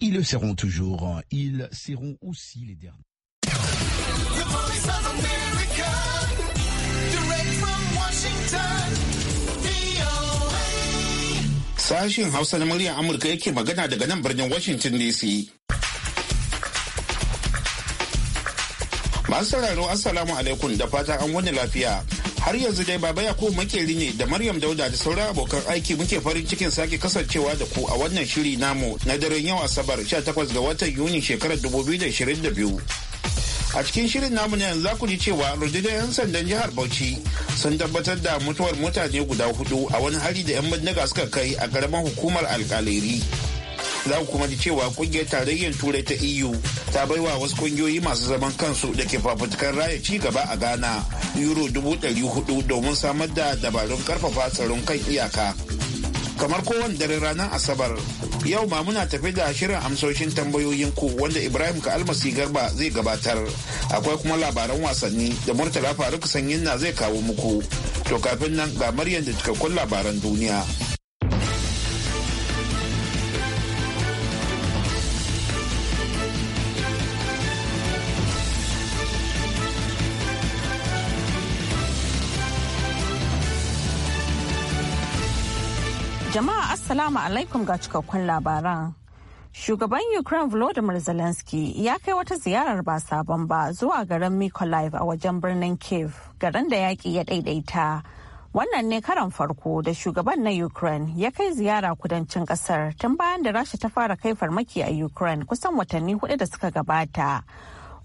Ils le seront toujours. Hein. Ils seront aussi les derniers. Sashen Hausa na muryar Amurka yake magana daga nan birnin Washington DC. Masu sauraro Assalamu alaikum da fatan an wani lafiya. har yanzu dai baba yakubu makeri ne da maryam dauda da sauran abokan aiki muke farin cikin sake kasancewa da ku a wannan shiri namu na daren yau asabar 18 ga watan yuni shekarar 2022 a cikin shirin namu yanzu za ku ji cewa rundunar 'yan sandan jihar bauchi sun tabbatar da mutuwar mutane guda hudu a wani hari da 'yan bindiga suka kai a karamar hukumar alkaliri za ku kuma da cewa kungiyar tarayyar turai ta eu ta bai wa wasu kungiyoyi masu zaman kansu da ke fafutukar raya ci gaba a ghana euro dubu ɗari hudu domin samar da dabarun karfafa tsaron kan iyaka kamar kowane dare ranar asabar yau ma muna tafi da shirin amsoshin tambayoyin ku wanda ibrahim ka almasi garba zai gabatar akwai kuma labaran wasanni da murtala faruk sanyin na zai kawo muku to kafin nan ga maryam da cikakkun labaran duniya Jama'a Assalamu alaikum ga cikakkun labaran. Shugaban Ukraine Volodymyr Zelensky ya kai wata ziyarar ba sabon ba zuwa garin Mykolaiv a wajen birnin Kiev, garin da yaƙi ya ɗaiɗaita. Wannan ne karan farko da shugaban na Ukraine ya kai ziyara kudancin kasar tun bayan da Rasha ta fara kai farmaki a Ukraine kusan watanni hudu da suka gabata.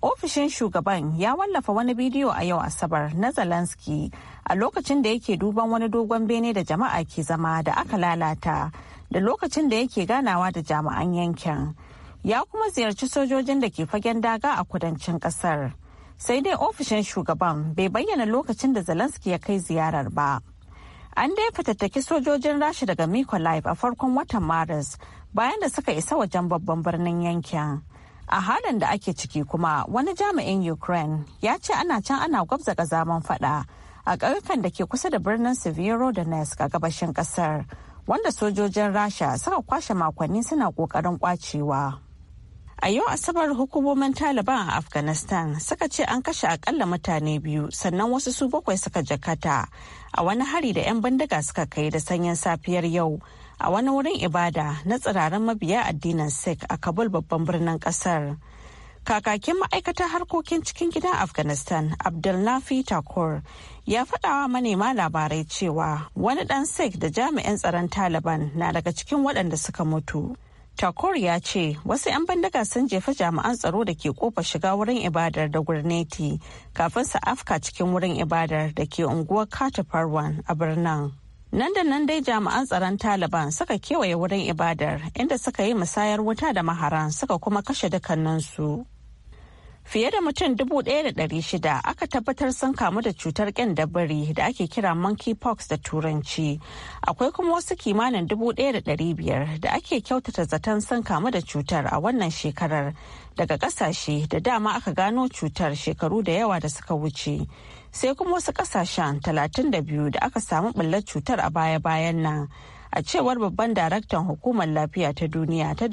Ofishin shugaban ya wallafa wani bidiyo a yau Asabar na Zelensky a lokacin da yake duban wani dogon bene da jama'a ke zama da aka lalata da lokacin da yake ganawa da jami'an yankin. Ya kuma ziyarci sojojin da ke fagen daga a kudancin kasar. Sai dai ofishin shugaban bai bayyana lokacin da Zelensky ya kai ziyarar ba. An dai fatattaki sojojin rashi daga mikolaif a farkon watan Maris bayan da suka isa wajen babban birnin yankin. a halin da ake ciki kuma wani jami'in ukraine ya ce ana can ana gwabza zaman fada a ƙauyukan da ke kusa da birnin severodonetsk a gabashin ƙasar wanda sojojin rasha suka kwashe makonni suna ƙoƙarin kwacewa a yau asabar hukumomin taliban a afghanistan suka ce an kashe akalla mutane biyu sannan wasu su bakwai suka jakata a wani hari da 'yan bindiga suka kai da sanyin safiyar yau a wani wurin ibada na tsirarin mabiya addinin sikh a kabul babban birnin kasar kakakin ma'aikatar harkokin cikin gidan afghanistan abdulnafi takur ya faɗawa manema labarai cewa wani ɗan sikh da jami'an tsaron taliban na daga cikin waɗanda suka mutu takur ya ce wasu 'yan bandaga sun jefa jami'an tsaro da ke kofa shiga wurin ibadar da gurneti kafin su afka cikin wurin ibadar da ke unguwar katafarwan a birnin Nan da nan dai jami'an tsaron Taliban suka kewaye wurin ibadar inda suka yi musayar wuta da maharan suka kuma kashe dukkaninsu. Fiye da mutum shida aka tabbatar sun kamu da cutar biri da ake kira monkeypox da turanci. Akwai kuma wasu kimanin biyar da ake kyautata zaton sun kamu da cutar a wannan shekarar daga kasashe da dama aka gano cutar shekaru da yawa da suka wuce. sai kuma wasu kasashen 32 da aka samu ɓullar cutar a baya-bayan nan a cewar babban daraktan hukumar lafiya ta duniya ta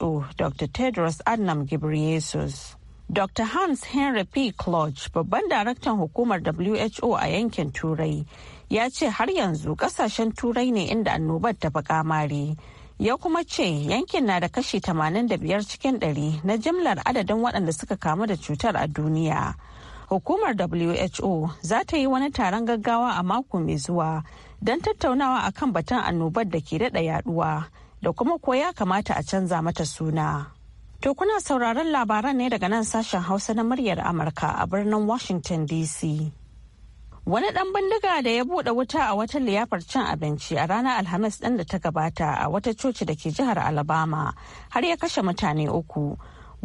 who dr tedros adnam ghebreyesus dr hans henry p clutch babban daraktan hukumar who a yankin turai ya ce har yanzu kasashen turai ne inda annobar ta fi kamari ya kuma ce yankin na da kashi 85 cikin 100 na jimlar adadin waɗanda suka kamu da cutar a duniya. hukumar who za ta yi wani taron gaggawa a mako mai zuwa don tattaunawa a kan batun annobar da ke daɗa yaduwa da kuma ko ya kamata a canza mata suna to kuna sauraron labaran ne daga nan sashen hausa na muryar amurka a birnin washington dc wani dan bindiga da ya bude wuta a wata liyafar cin abinci a ranar alhamis ɗin da ta gabata a wata coci da ke jihar alabama har ya kashe mutane uku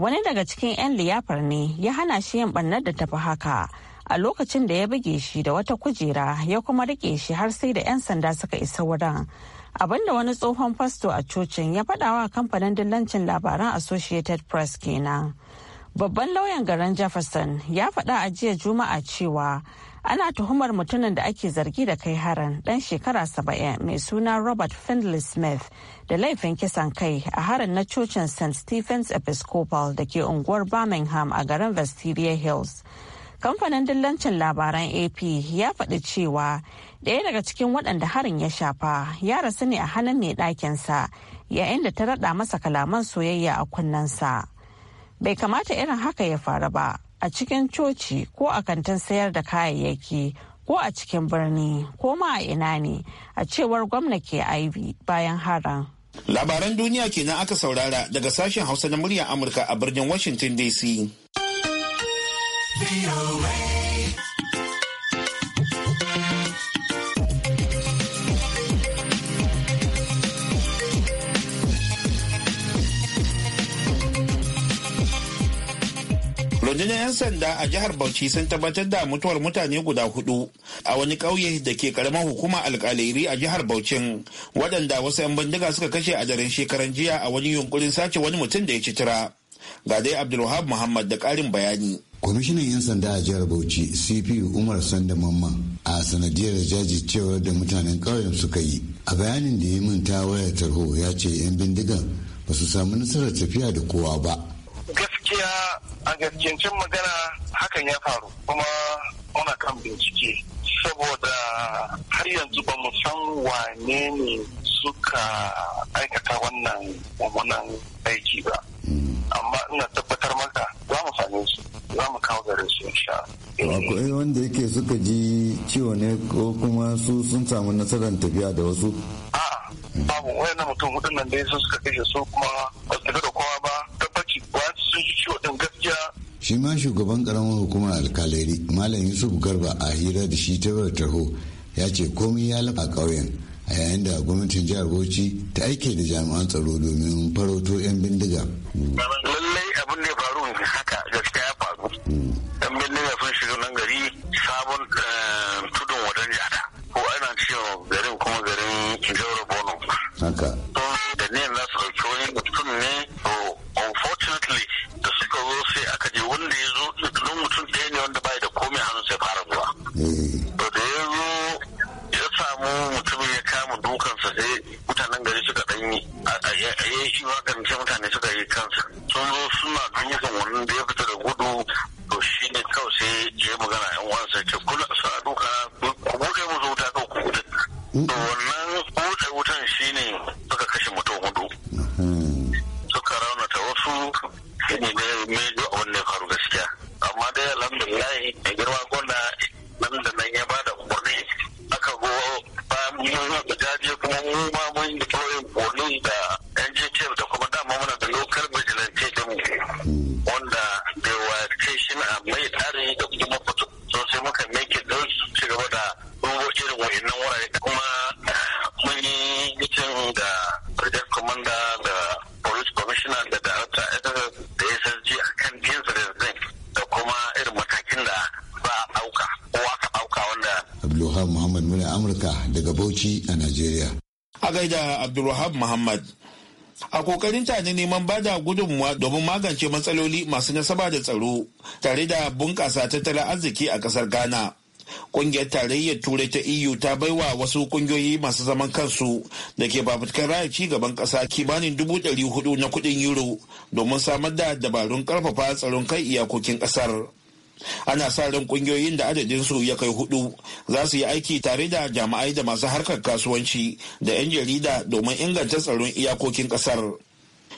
wani daga cikin 'yan liyafar ne ya hana shi yin bannar da tafi haka a lokacin da ya buge shi da wata kujera ya kuma rike shi har sai da 'yan sanda suka isa wurin abinda wani tsohon fasto a cocin ya faɗawa kamfanin dillancin labaran associated press kenan babban lauyan garin jefferson ya faɗa a jiya juma'a cewa ana tuhumar mutumin da ake zargi da kai harin dan shekara saba'in mai suna robert findlay smith da laifin kisan kai a harin na cocin st stephens episcopal da ke unguwar birmingham a garin vestibular hills kamfanin dillancin labaran ap ya faɗi cewa ɗaya daga cikin waɗanda harin ya shafa ya rasu ne a hannun mai ɗakinsa yayin da ta raɗa masa kalaman soyayya a kunnensa bai kamata irin haka ya faru ba a cikin coci ko a kantin sayar da kayayyaki ko a cikin birni ko ma a ina ne a cewar gwamna ke iv bayan haran. Labaran duniya kenan aka saurara daga sashen Hausa na murya Amurka a birnin Washington DC. 'yan sanda a jihar Bauchi sun tabbatar da mutuwar mutane guda hudu a wani ƙauye da ke karamar hukuma alƙalairi a jihar Bauchin waɗanda wasu 'yan bindiga suka kashe a daren shekaran jiya a wani yunkurin sace wani mutum da ya ci tira. Ga dai Abdulwahab Muhammad da ƙarin bayani. kwamishinan 'yan sanda a jihar bauchi cp umar sanda mamma a sanadiyar jajircewar da mutanen ƙauyen suka yi a bayanin da ya min ta wayar tarho ya ce 'yan bindigan ba su samu nasarar tafiya da kowa ba gaskiya a gaskiyancin magana hakan ya faru kuma muna kan bincike saboda har yanzu ba mu san wane ne suka aikata wannan mummunan aiki ba amma ina tabbatar maka za mu same su za mu kawo gare su insha akwai eh, wanda yake suka ji ciwo ne ko kuma su sun samu nasarar tafiya da wasu a babu wayannan mutum hudun nan dai su suka kashe su kuma ba su da shi ma shugaban karamar hukumar alkalari malam yusuf garba a hira da shi ta tarho ya ce komai ya lafa ƙauyen a yayin da gwamnatin jihar bauchi ta aike da jami'an tsaro domin farauto 'yan bindiga 장사 전부 순마 강희성 원 abdulwahab muhammad a kokarin ta na neman bada gudunmuwa domin magance matsaloli masu nasaba da tsaro tare da bunƙasa tattalin arziki a ƙasar ghana Ƙungiyar tarayyar turai ta eu ta baiwa wasu ƙungiyoyi masu zaman kansu da ke babatkan raya ci gaban ƙasa kimanin dubu ɗari hudu na kuɗin euro domin samar da dabarun ƙarfafa tsaron kai iyakokin ƙasar ana sa ran kungiyoyin da adadin su ya kai hudu za su yi aiki tare da jami'ai da masu harkar kasuwanci da 'yan jarida domin inganta tsaron iyakokin kasar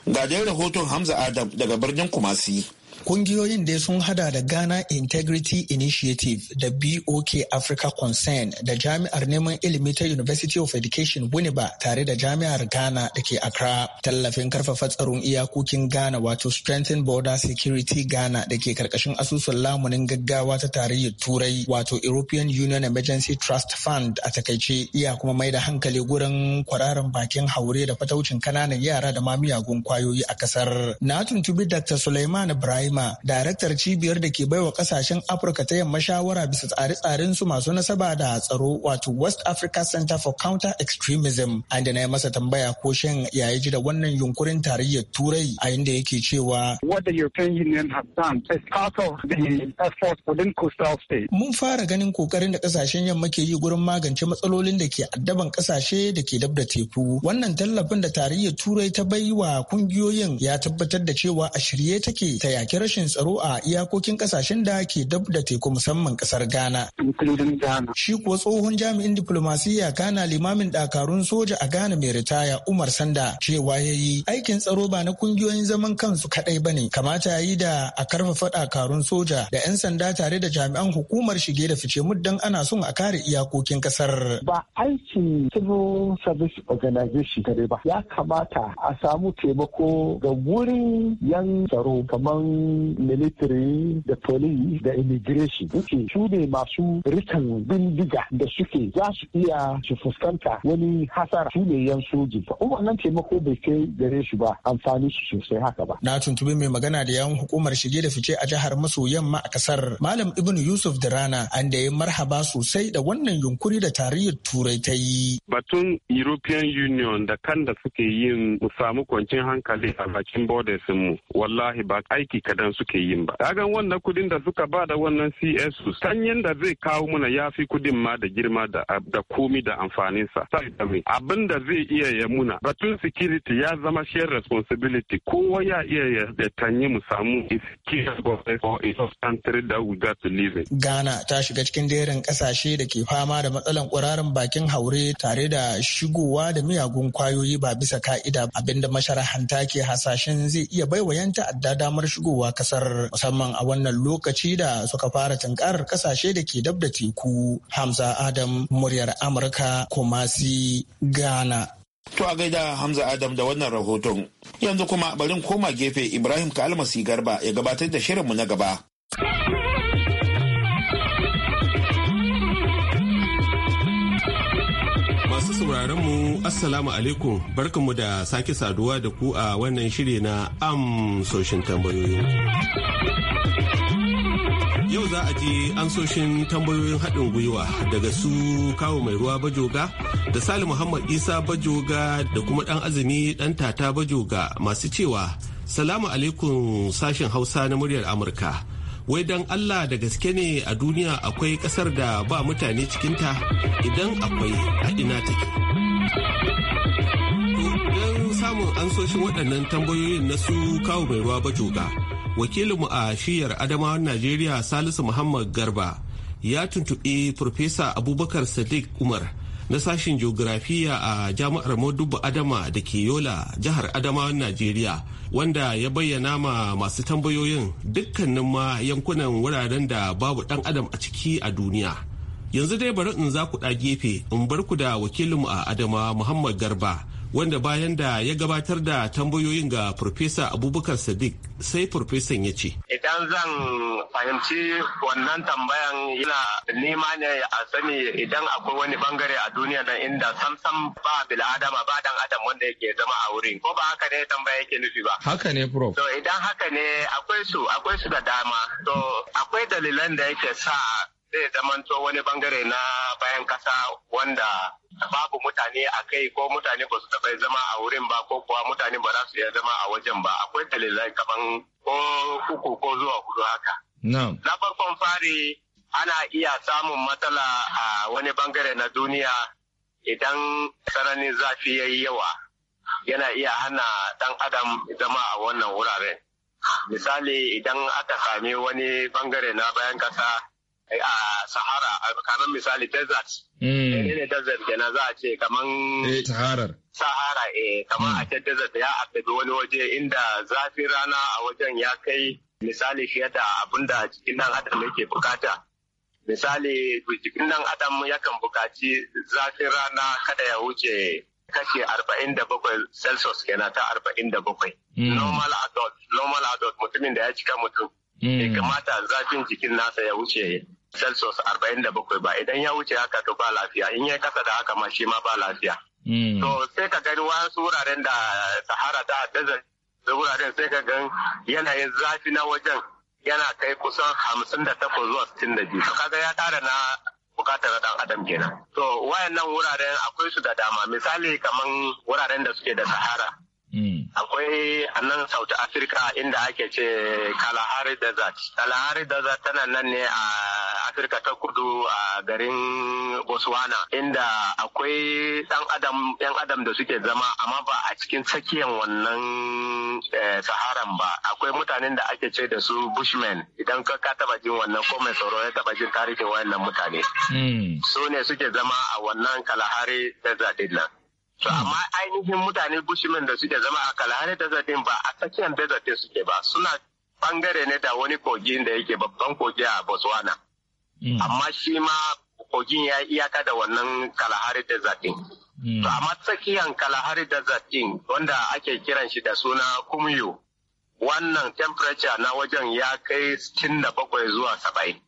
ga dai rahoton hamza adam daga birnin kumasi Kungiyoyin dai sun hada da Ghana Integrity Initiative da BOK Africa Concern da Jami'ar Neman Ilimi ta University of Education Winneba tare da Jami'ar Ghana da ke Accra. Tallafin karfafa tsaron iyakokin Ghana wato Strengthen Border Security Ghana da ke karkashin asusun lamunin gaggawa ta tarayyar Turai wato European Union Emergency Trust Fund a takaice iya kuma mai da hankali gurin kwararan bakin haure da fataucin kananan yara da ma miyagun kwayoyi a kasar. Na tuntubi Dr. Suleiman Ibrahim Halima, daraktar cibiyar da ke baiwa kasashen Afirka ta yamma shawara bisa tsare-tsaren su masu nasaba da tsaro wato West Africa Center for Counter Extremism. An da na yi masa tambaya ko shin ya ji da wannan yunkurin tarayyar Turai a inda yake cewa. What the European Union has done is part of the effort within coastal states. Mun fara ganin kokarin da kasashen yamma ke yi gurin magance matsalolin da ke addaban kasashe da ke dab da teku. Wannan tallafin da tarayyar Turai ta bai wa kungiyoyin ya tabbatar da cewa a shirye take ta yakin rashin tsaro a iyakokin kasashen da ke dab da teku musamman kasar Ghana. Shi kuwa tsohon jami'in diplomasiyya kana limamin dakarun soja a Ghana mai ritaya Umar Sanda cewa ya yi aikin tsaro ba na kungiyoyin zaman kansu kadai ba ne kamata ya yi da a karfafa dakarun soja da 'yan sanda tare da jami'an hukumar shige da fice muddan ana son a kare iyakokin kasar. Ba aikin civil service organization kadai ba ya kamata a samu taimako ga wurin yan tsaro kamar military da police da immigration duke su ne masu rikan bindiga da suke za su iya su fuskanta wani hasara su ne yan soji kuma wannan taimako bai kai gare su ba amfani su sosai haka ba na tuntubi mai magana da yan hukumar shige da fice a jihar maso yamma a kasar malam ibnu yusuf da rana an da ya marhaba sosai da wannan yunkuri da tarihin turai ta yi batun european union da kan da suke yin mu samu kwancin hankali a bakin borders mu wallahi ba aiki kada waɗansu suke yin ba kagan wannan kudin da suka ba da wannan cs sanyin da zai kawo mana ya fi kudin ma da girma da komi da amfanin amfaninsa abin da zai iya ya muna batun security ya zama shared responsibility kowa ya iya ya tanye mu samu country that we got to live in. Ghana ta shiga cikin jerin kasashe da ke fama da matsalan kurarin bakin haure tare da shigowa da miyagun kwayoyi ba bisa ka'ida abinda masharahanta ke hasashen zai iya baiwa yan ta'adda damar shigowa kasar musamman a wannan lokaci da suka fara tunkarar kasashe da ke dab da teku hamza adam muryar amurka kumasi ghana To a gaida Hamza Adam da wannan rahoton. Yanzu kuma barin koma gefe Ibrahim Kalmasi Garba ya gabatar da shirinmu na gaba. sauraron mu Assalamu alaikum barkanmu da sake saduwa da ku a wannan shiri na amsoshin tambayoyi. Yau za a ji amsoshin tambayoyin haɗin gwiwa daga su kawo mai ruwa bajoga da Sali Muhammad Isa bajoga da kuma ɗan azumi ɗan tata bajoga masu cewa Salamu alaikum sashen Hausa na muryar Amurka. wai don allah da gaske ne a duniya akwai kasar da ba mutane cikinta idan akwai a ina take don samun ansoshin waɗannan tambayoyin na su kawo mai ruwa bajoga wakilinmu a shiyar adamawan najeriya salisu muhammad garba ya tuntuɓi Profesa abubakar sadiq umar na sashin geografiya a jami'ar Modubu Adama da ke Yola jihar Adamawan Najeriya wanda ya bayyana ma masu tambayoyin dukkanin ma yankunan wuraren da babu ɗan adam a ciki a duniya. Yanzu dai bari in za ku ɗa gefe in bar ku da wakilinmu a Adama Muhammad Garba wanda bayan da ya gabatar da tambayoyin ga Farfesa Abubakar Sadiq sai Farfesan ya ce. Idan zan fahimci wannan tambayan yana nema ne a sani idan akwai wani bangare a duniya nan inda samsam ba bil'adama ba dan adam wanda yake zama a wurin ko ba haka ne tambaya yake nufi ba. Haka ne Prof. To idan haka ne akwai su akwai su da dama. To akwai dalilan da yake sa zai zamanto wani bangare na bayan kasa wanda babu mutane a kai ko mutane ba su taɓa zama a wurin ba ko kuwa mutane ba za su iya zama a wajen ba akwai dalilai kaman ko uku ko zuwa hudu haka. Na farkon fari ana iya samun matsala a wani bangare na duniya idan sararin zafi ya yi yawa yana iya hana ɗan adam zama a wannan wuraren. Misali idan aka sami wani bangare na bayan kasa Eh, a sahara kamar misali desert hmm. eh, ne desert kenan za a ce kamar eh, sahara sahara eh kamar hmm. a ce desert ya addabi wani waje inda zafin rana a wajen ya kai misali fiye da abin da jikin nan adam yake bukata misali jikin nan adam yakan bukaci zafin rana kada ya wuce kashi 47 celsius kenan ta 47 hmm. normal adult normal adult mutumin da ya cika mutum ya kamata zafin jikin nasa ya wuce celsius arba'in da bakwai ba idan ya wuce haka to ba lafiya in ya kasa da haka ma shi ma ba lafiya. Hmm. to sai ka gani wasu wuraren da sahara ta desert da wuraren sai ka gan yanayin zafi na wajen yana kai kusan hamsin da takwas zuwa sittin da biyu kaga ya tara na bukatar dan adam kenan to wayannan wuraren akwai su da dama misali kamar wuraren da suke da sahara Mm. Akwai a nan South Africa inda ake ce Kalahari Desert. Kalahari Desert tana nan ne a Afirka ta kudu a garin Botswana inda akwai ɗan adam yan adam da suke zama amma ba a cikin tsakiyar wannan eh, Saharan ba. Akwai mutanen da ake ce da su Bushmen idan ka taba jin wannan ko mai tsoro ya taba jin tarihin wayannan mutane. Mm. Su ne suke zama a wannan Kalahari Desert din nan. To amma ainihin mutane bushimin da suke zama a kalahari desert din ba a tsakiyar desert din suke ba suna bangare ne da wani kogin da yake babban kogi a Botswana. Mm. Amma shi ma kogin ya iyaka da wannan kalahari desert din. Mm. To amma tsakiyar kalahari desert din wanda ake kiran shi da suna kumyo wannan temperature na wajen ya kai 67 zuwa 70.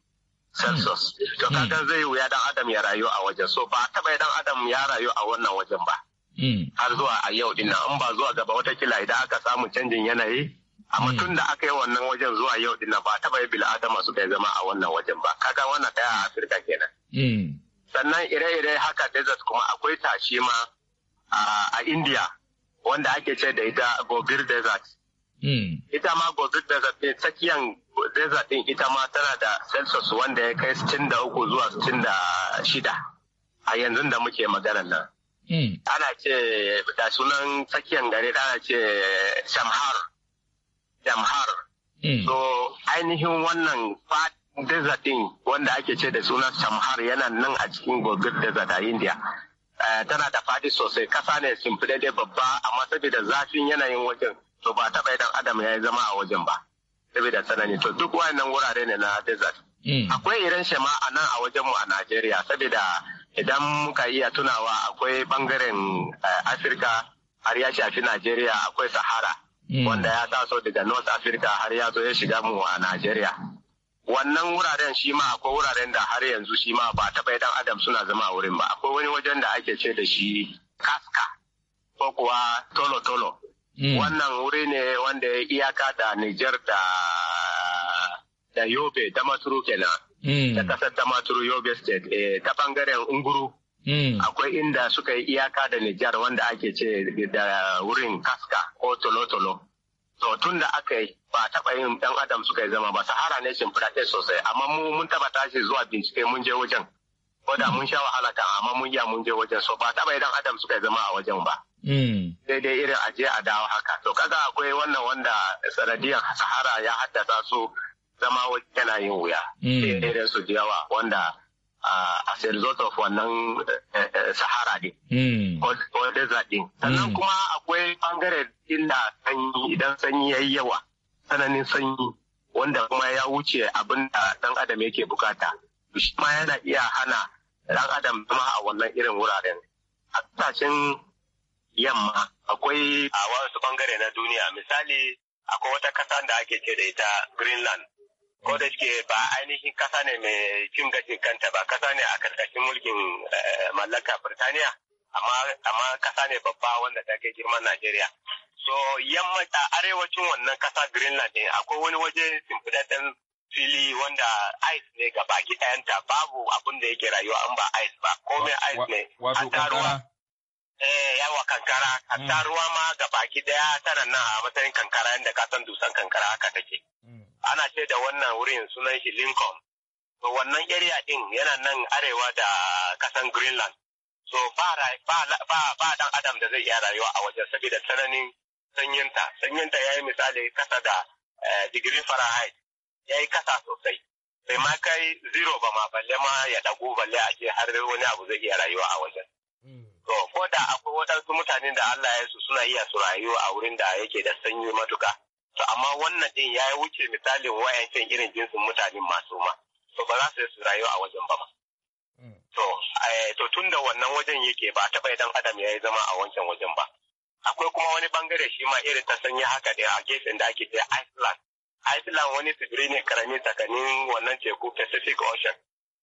Celsius. Mm. To kaga zai wuya dan Adam ya rayu a wajen. So ba a taba dan Adam ya rayu a wannan wajen ba. Mm. har zuwa a yau din an ba zuwa gaba wata kila idan aka samu canjin yanayi amma mm. tun da aka yi wannan wajen zuwa yau din ba taba yi bil'adama su bai zama a wannan wajen ba kaga wannan daya a afirka kenan mm. sannan ire-ire haka desert kuma akwai tashi ma a india wanda ake ce da ita gobir desert ita ma gobir desert ne tsakiyan desert din ita ma tana da celsius wanda ya kai 63 zuwa 66 a yanzu da muke magana nan Mm. ana ce da sunan tsakiyar gari ana ce shamhar shamhar mm. so ainihin wannan desert din wanda ake ce da sunan shamhar yana nan a cikin Gogir desert a india eh, tana da fadi sosai kasa ne simfile dai babba amma saboda zafin yanayin wajen to ba taɓa idan adam ya yi zama a wajen ba saboda tsanani to duk wayannan wurare ne na desert mm. akwai irin shema a nan a wajenmu a najeriya saboda idan muka iya tunawa akwai bangaren eh, afirka har ya shafi najeriya akwai sahara hmm. wanda ya taso daga north africa har ya zo ya shiga mu a najeriya wannan wuraren shi ma akwai wuraren da har yanzu shi ma ba taɓa idan adam suna zama a wurin ba akwai wani wajen da ake ce da shi kaska ko kuwa tolo-tolo hmm. wannan wuri ne wanda ya iyaka da niger da da yobe da maturu kenan Mm. ta kasar damaturu yobe state eh, ta bangaren unguru mm. akwai inda suka yi iyaka da nijar wanda ake ce da wurin kaska ko tolotolo to tun da aka yi ba taba yin ɗan adam suka yi zama ba sahara ne shimfiɗaɗe sosai amma mu mun taɓa tashi zuwa bincike mun je wajen ko da mun sha wahala ta amma mun iya mun je wajen so ba taɓa idan adam suka yi zama a wajen ba daidai mm. irin aje a dawo haka to kaga akwai wannan wanda sanadiyar sahara ya haddasa su zama yana yin wuya. Mm. Irin su yawa wanda a result of wannan eh, eh, sahara ɗin mm. Ko desert mm. Sannan kuma akwai bangare inda sanyi idan sanyi ya yi yawa. Sananin sanyi wanda kuma ya wuce abin da ɗan adam yake bukata. Shi ma yana iya hana ɗan adam zama a wannan irin wuraren. A ƙasashen yamma akwai a wasu bangare na duniya misali akwai wata kasa da ake ce da ita Greenland. ko da ke ba ainihin kasa ne mai cin gashin kanta ba kasa ne a karkashin mulkin eh, mallaka Birtaniya amma kasa ne babba wanda ta kai girman Najeriya. So yamma a arewacin wannan kasa Greenland ne akwai wani waje simfudaden fili wanda ice ne ga baki ɗayanta babu abin da yake rayuwa an ba ice ba komai ice ne. Wato kankara? eh yawa kankara hatta mm. ruwa ma ga baki ɗaya tana nan a matsayin kankara yadda ka san dusan kankara haka take mm. ana ce da wannan wurin sunan shi Lincoln. So wannan area din yana nan arewa da kasan Greenland. So ba ba dan adam da zai iya rayuwa a wajen saboda tsananin sanyinta. Sanyinta ya yi misali kasa da eh, digiri Fahrenheit. yi kasa sosai. Bai ma kai zero ba ma balle ma ya dagu balle a ce har wani abu zai iya rayuwa a wajen. Hmm. To ko da akwai waɗansu mutanen da Allah ya su suna iya su rayu a wurin da yake da sanyi matuka. to amma wannan din ya wuce misalin wayancin irin jinsin mutane masu ma to ba za su yi su rayuwa a wajen ba ma mm. eh, to tun da wannan wajen yake ba taɓa idan adam ya yi zama a wancan wajen ba akwai kuma wani bangare shi ma irin ta sanya haka da a gefen da ake ce Iceland Iceland wani tsibiri ne karami tsakanin wannan teku Pacific Ocean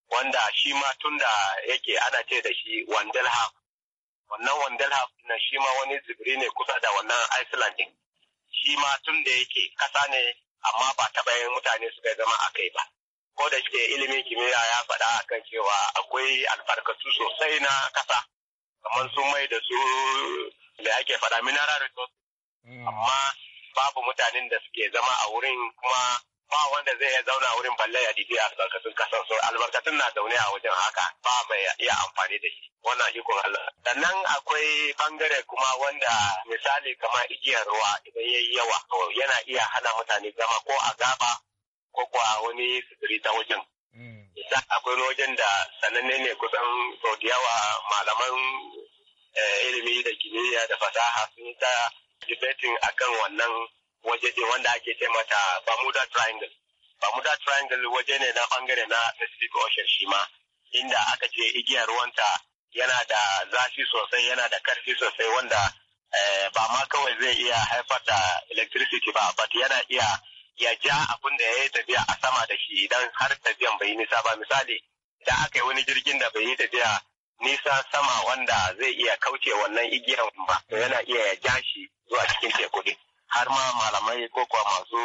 wanda shi ma tun da yake ana ce da shi Wandel wannan Wandel na shi ma wani tsibiri ne kusa da wannan Iceland din shi ma tun da yake kasa ne amma ba ta yin mutane suka zama a kai ba. Ko da ke ilimin kimiyya ya faɗa a kan cewa akwai albarkatu sosai na kasa kamar sun mai da su da ake faɗa mineral resources. Mm. Amma babu mutanen da suke zama a wurin kuma ba wanda zai zauna zauna wurin balle ya didi albarkatun kasar so albarkatun na zaune a wajen haka ba mai iya amfani da shi wannan ikon Allah sannan akwai bangare kuma wanda misali kamar igiyar ruwa idan yayi yawa to yana iya hana mutane zama ko a gaba ko ko wani sitiri ta wajen mm. akwai wajen da sananne ne kusan sau malaman eh, ilimi da kimiyya da fasaha sun ta debating akan wannan waje ne wanda ake ce mata Bermuda Triangle. Bermuda Triangle waje ne na bangare na Pacific Ocean shi ma inda aka ce igiyar ruwanta yana da zafi sosai yana da karfi sosai wanda eh, ba ma kawai zai iya haifar da electricity ba but yana iya ya ja abin da ya yi tafiya a sama da shi idan har tafiyan bai yi nisa ba misali idan aka yi wani jirgin da bai yi tafiya nisa sama wanda zai iya kauce wannan igiyan ba yana iya ya ja shi zuwa cikin teku din. har ma malamai ko kuwa masu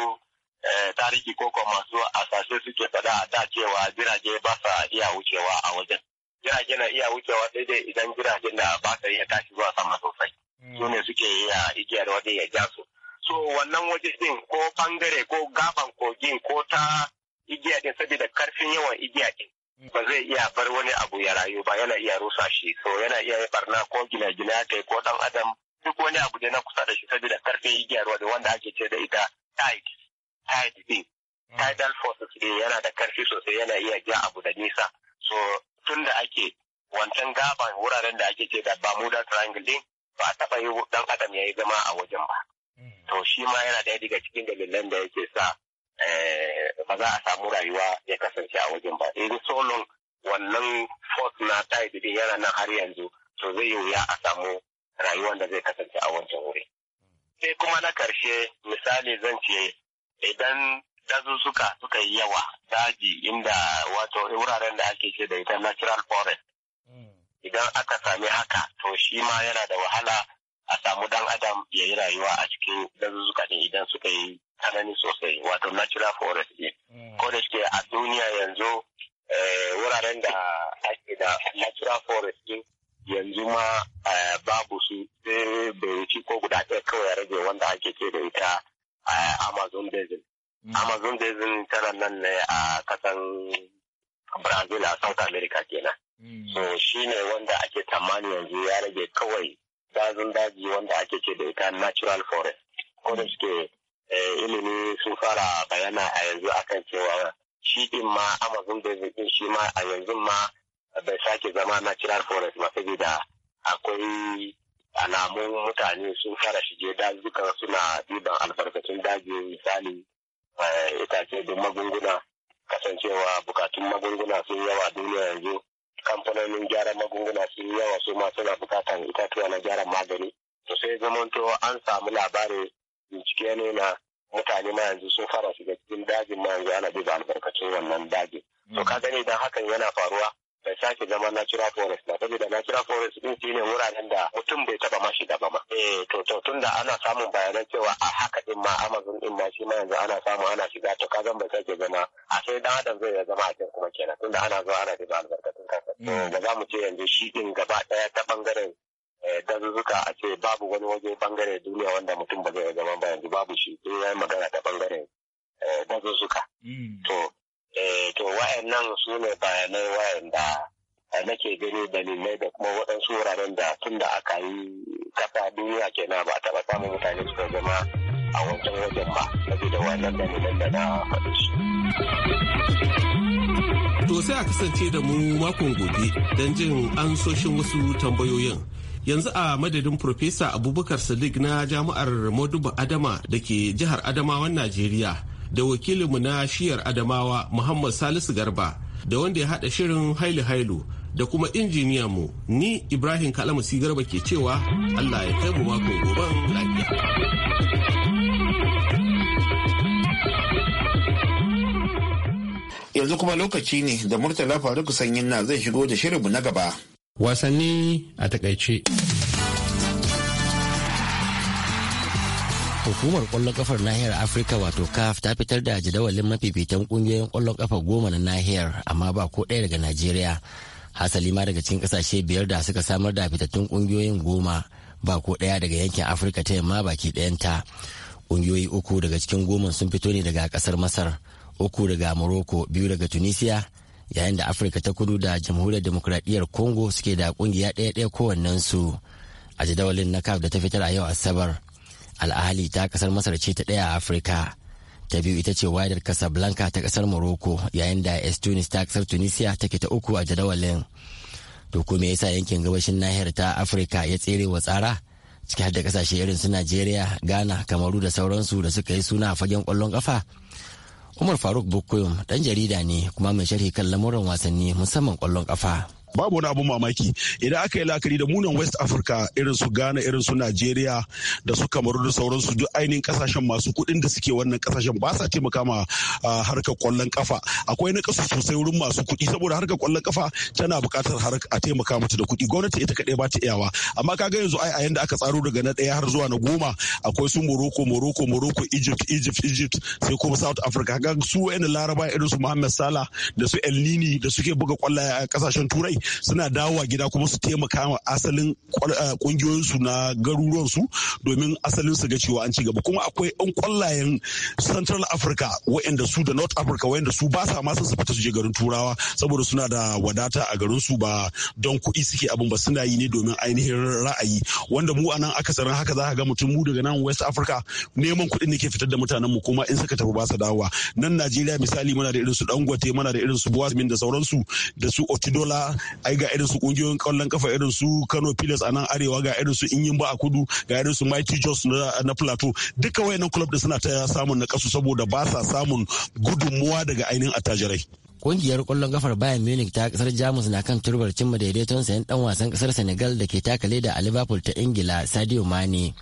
eh, tarihi ko kuwa masu asashe suke faɗa a da cewa jirage ba sa iya wucewa a wajen. Jirage na iya wucewa sai dai idan jiragen da ba sa iya tashi zuwa sama sosai. Mm. Su ne suke iya igiyar waje ya ja su. So wannan waje din ko bangare ko gaban kogin ko ta igiya din saboda karfin yawan igiya din. Mm. ba zai iya bar wani abu ya rayu ba yana iya rusa shi so yana iya barna ko gina gina ta ko dan adam duk wani abu da na kusa da shi saboda karfe igiyar da wanda ake ce da ita tide tide din hmm. tidal forces ne eh, yana da karfi sosai yana iya ja abu da nisa so tun da ake wancan gaban wuraren da ake ce da Bermuda Triangle din ba a taɓa yi dan adam ya yi zama a wajen ba. Hmm. To shi ma yana daya daga cikin dalilan da yake sa eh, ba za a samu rayuwa ya kasance a wajen ba. In so long wannan force na tide din yana nan har yanzu to zai yi wuya a samu rayuwar da zai kasance a wancan wuri. Sai kuma na karshe misali zan ce idan dazuzzuka suka yi yawa daji inda wato wuraren da ake ce da ita natural forest. Idan aka sami haka to shi ma yana da wahala a samu dan adam ya yi rayuwa a cikin dazuzzuka ne idan suka yi tsanani sosai wato natural forest ne. Ko da shi a duniya yanzu eh, wuraren da ake da natural forest ne yanzu ma babu su sai bai ko guda ɗaya kawai rage wanda ake ce da ita amazon basin mm. amazon basin tana nan ne a kasan brazil a south america kenan mm. so shi ne wanda ake tamani yanzu ya rage kawai dazin daji wanda ake ce da ita natural forest ko da mm. suke eh, ilimi sun fara bayana a yanzu akan cewa shi din ma amazon basin shi ma a yanzu ma bai sake zama natural forest ba saboda akwai alamun mutane sun fara shige dazuka suna ɗiban albarkatun daji misali eh, itace da magunguna kasancewa bukatun magunguna sun yawa duniya yanzu kamfanonin gyaran magunguna sun yawa su ma suna bukatan itatuwa na gyaran magani to sai to an samu labari bincike ne na mutane ma yanzu sun fara shiga cikin dajin ma yanzu ana duba albarkacin wannan dajin to ka gani idan hakan yana faruwa bai sake zama natural forest na saboda natural forest din shi ne wuraren da mutum bai taba ma shiga ba ma eh to to tunda ana samun bayanan cewa a haka din ma amazon din ma shi ma yanzu ana samu ana shiga to kazan bai sake zama a sai dan adam zai ya zama a cikin kuma kenan tunda ana zuwa ana da albarkatun kansa da hmm. za mu ce yanzu shi din gaba daya ta bangaren eh, dazuzzuka a ce babu wani waje bangare duniya wanda mutum ba zai zama ba yanzu babu shi sai eh, ya magana ta bangaren eh, dazuzzuka hmm. to Eh to wa'annan su ne bayanai wa'anda eh, nake gani dalilai da kuma waɗansu wuraren da tun da aka yi kafa duniya kenan ba taɓa samun mutane suka zama a wancan wajen ba saboda wannan dalilan da na faɗi su. To sai a kasance da mu makon gobe don jin ansoshin wasu tambayoyin. Yanzu a madadin Profesa Abubakar Sadiq na Jami'ar Modubu Adama da ke jihar Adamawan Najeriya. da wakilinmu na shiyar adamawa muhammad salisu garba da wanda ya haɗa shirin hailu hailu da kuma mu ni ibrahim kalamusi garba ke cewa allah ya kai mu mako goben lafiya yanzu kuma lokaci ne da murtala faruk sanyin na zai shigo da shirinmu na gaba wasanni a takaice Hukumar kwallon kafar nahiyar Afirka wato CAF ta fitar da jadawalin mafifitan kungiyoyin kwallon kafa goma na nahiyar amma ba ko ɗaya daga Najeriya. Hasali ma daga cikin kasashe biyar da suka samar da fitattun kungiyoyin goma ba ko ɗaya daga yankin Afirka ta yamma baki ɗayanta. Kungiyoyi uku daga cikin goma sun fito ne daga kasar Masar, uku daga Morocco, biyu daga Tunisia, yayin da Afirka ta kudu da Jamhuriyar Demokuraɗiyyar Congo suke da kungiya ɗaya-ɗaya kowannensu. A jadawalin na CAF da ta fitar a yau Asabar. al'ahali ta kasar masar ce ta ɗaya a afirka ta biyu ita ce wadar casablanca ta kasar morocco yayin da estunis ta kasar tunisia take ta uku a jadawalin to kuma ya yasa yankin gabashin nahiyar ta afirka ya tsere wa tsara ciki har da kasashe irin su najeriya ghana kamaru da sauransu da suka yi suna a fagen kwallon kafa umar faruk bukoyum dan jarida ne kuma mai sharhi kan lamuran wasanni musamman kwallon kafa babu wani abun mamaki idan aka yi la'akari da munan west africa irin su ghana irin su nigeria da su kamaru da sauransu duk ainihin kasashen masu kuɗin da suke wannan kasashen ba sa taimaka makama harkar kwallon kafa akwai na kasu sosai wurin masu kuɗi saboda harkar kwallon kafa tana buƙatar a taimaka mata da kuɗi gwamnati ita kadai ba ta iyawa amma ka ga yanzu ai a yanda aka tsaro daga na daya har zuwa na goma akwai su morocco morocco morocco egypt egypt egypt sai kuma south africa ga su wa'in laraba irin su mohammed salah da su el nini da suke buga kwallaye a kasashen turai suna dawowa gida kuma su taimaka wa asalin kungiyoyinsu eh, na garuruwansu domin asalin su ga cewa an ci gaba kuma akwai yan kwallayen central africa waɗanda su da north africa waɗanda su ba sa ma su fita su je garin turawa saboda suna da wadata a garin su ba don kuɗi suke abin ba suna yi ne domin ainihin ra'ayi wanda mu anan akasarin haka za ka ga mutum mu daga nan west africa neman kuɗin ne ke fitar da mutanen mu kuma in suka tafi ba su dawowa nan najeriya misali muna da irin su dangote muna da irin su buwasmin da sauransu da su otidola ai ga irin su kungiyoyin kallon kafa irin su Kano Pilas a nan arewa ga irin su Inyimba a kudu ga irin su Mighty Jos na Plateau duka wayannan club din suna ta samun na kasu saboda ba sa samun gudunmuwa daga ainihin attajirai kungiyar kwallon kafar Bayern Munich ta kasar Jamus na kan turbar cimma daidaiton sayan dan wasan kasar Senegal da ke taka leda a Liverpool ta Ingila Sadio Mane.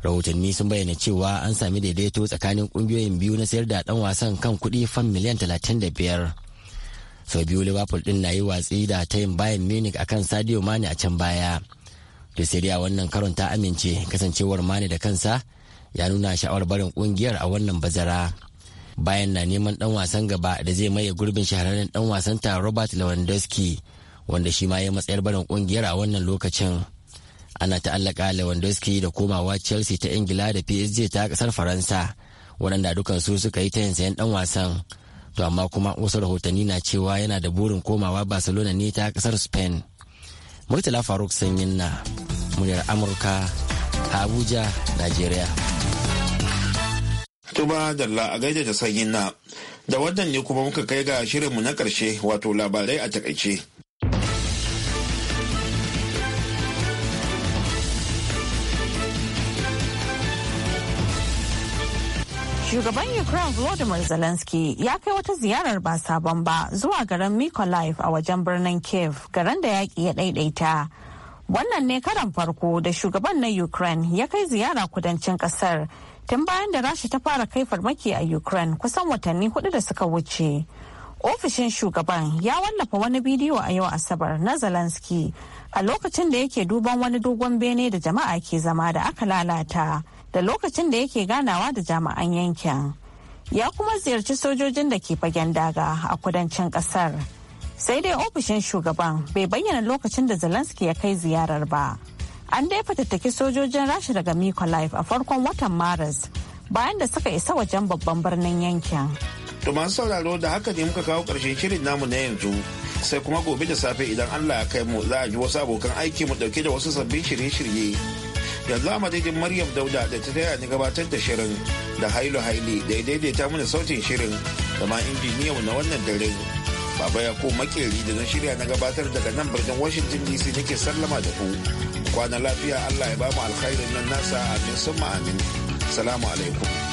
Rahotanni sun bayyana cewa an sami daidaito tsakanin kungiyoyin biyu na sayar da dan wasan kan kuɗi fan miliyan 35. sau biyu liverpool din na yi watsi da tayin bayan munich akan sadio mane a can baya to sai wannan karon ta amince kasancewar mane da kansa ya nuna sha'awar barin kungiyar a wannan bazara bayan na neman dan wasan gaba da zai maye gurbin shahararren dan wasan ta robert lewandowski wanda shi ma ya matsayar barin kungiyar a wannan lokacin ana ta'allaka lewandowski da komawa chelsea ta ingila da psg ta kasar faransa waɗanda dukansu suka yi ta yin sayan dan wasan to amma kuma wasu rahotanni na cewa yana da burin komawa barcelona ne ta kasar spain murtala faruk sanyin na muryar amurka a abuja nigeria tuba dalla a gaida da sanyin na da wannan kuma muka kai ga shirinmu na karshe wato labarai a takaice Shugaban Ukraine Volodymyr Zelensky ya kai wata ziyarar ba sabon ba zuwa garin Mykolaiv a wajen birnin Kiev, garin da yaƙi ya ɗaiɗaita. Wannan ne karan farko da shugaban na Ukraine ya kai ziyara kudancin ƙasar tun bayan da Rasha ta fara kai farmaki a Ukraine kusan watanni hudu da suka wuce. Ofishin shugaban ya wallafa wani bidiyo a yau Asabar na Zelensky a lokacin da yake duban wani dogon bene da jama'a ke zama da aka lalata. da lokacin da yake ganawa da jami'an yankin ya kuma ziyarci sojojin da ke fagen daga a kudancin kasar sai dai ofishin shugaban bai bayyana lokacin da zelensky ya kai ziyarar ba an dai fatattaki sojojin rasha daga life a farkon watan maris bayan da suka isa wajen babban birnin yankin to masu sauraro da haka ne muka kawo karshen shirin namu na yanzu sai kuma gobe da safe idan allah ya kai mu za a ji wasu abokan aiki mu dauke da wasu sabbin shirye-shirye yanzu a daidai maryam dauda da ta taya ni gabatar da shirin da hailu haili da ya daidaita mana sautin shirin da ma injiniyau na wannan dare baba ya ko makeri da na shirya na gabatar daga nan birnin washington dc nake sallama da ku kwana lafiya allah ya bamu alkhairin nan nasa amin summa amin salamu alaikum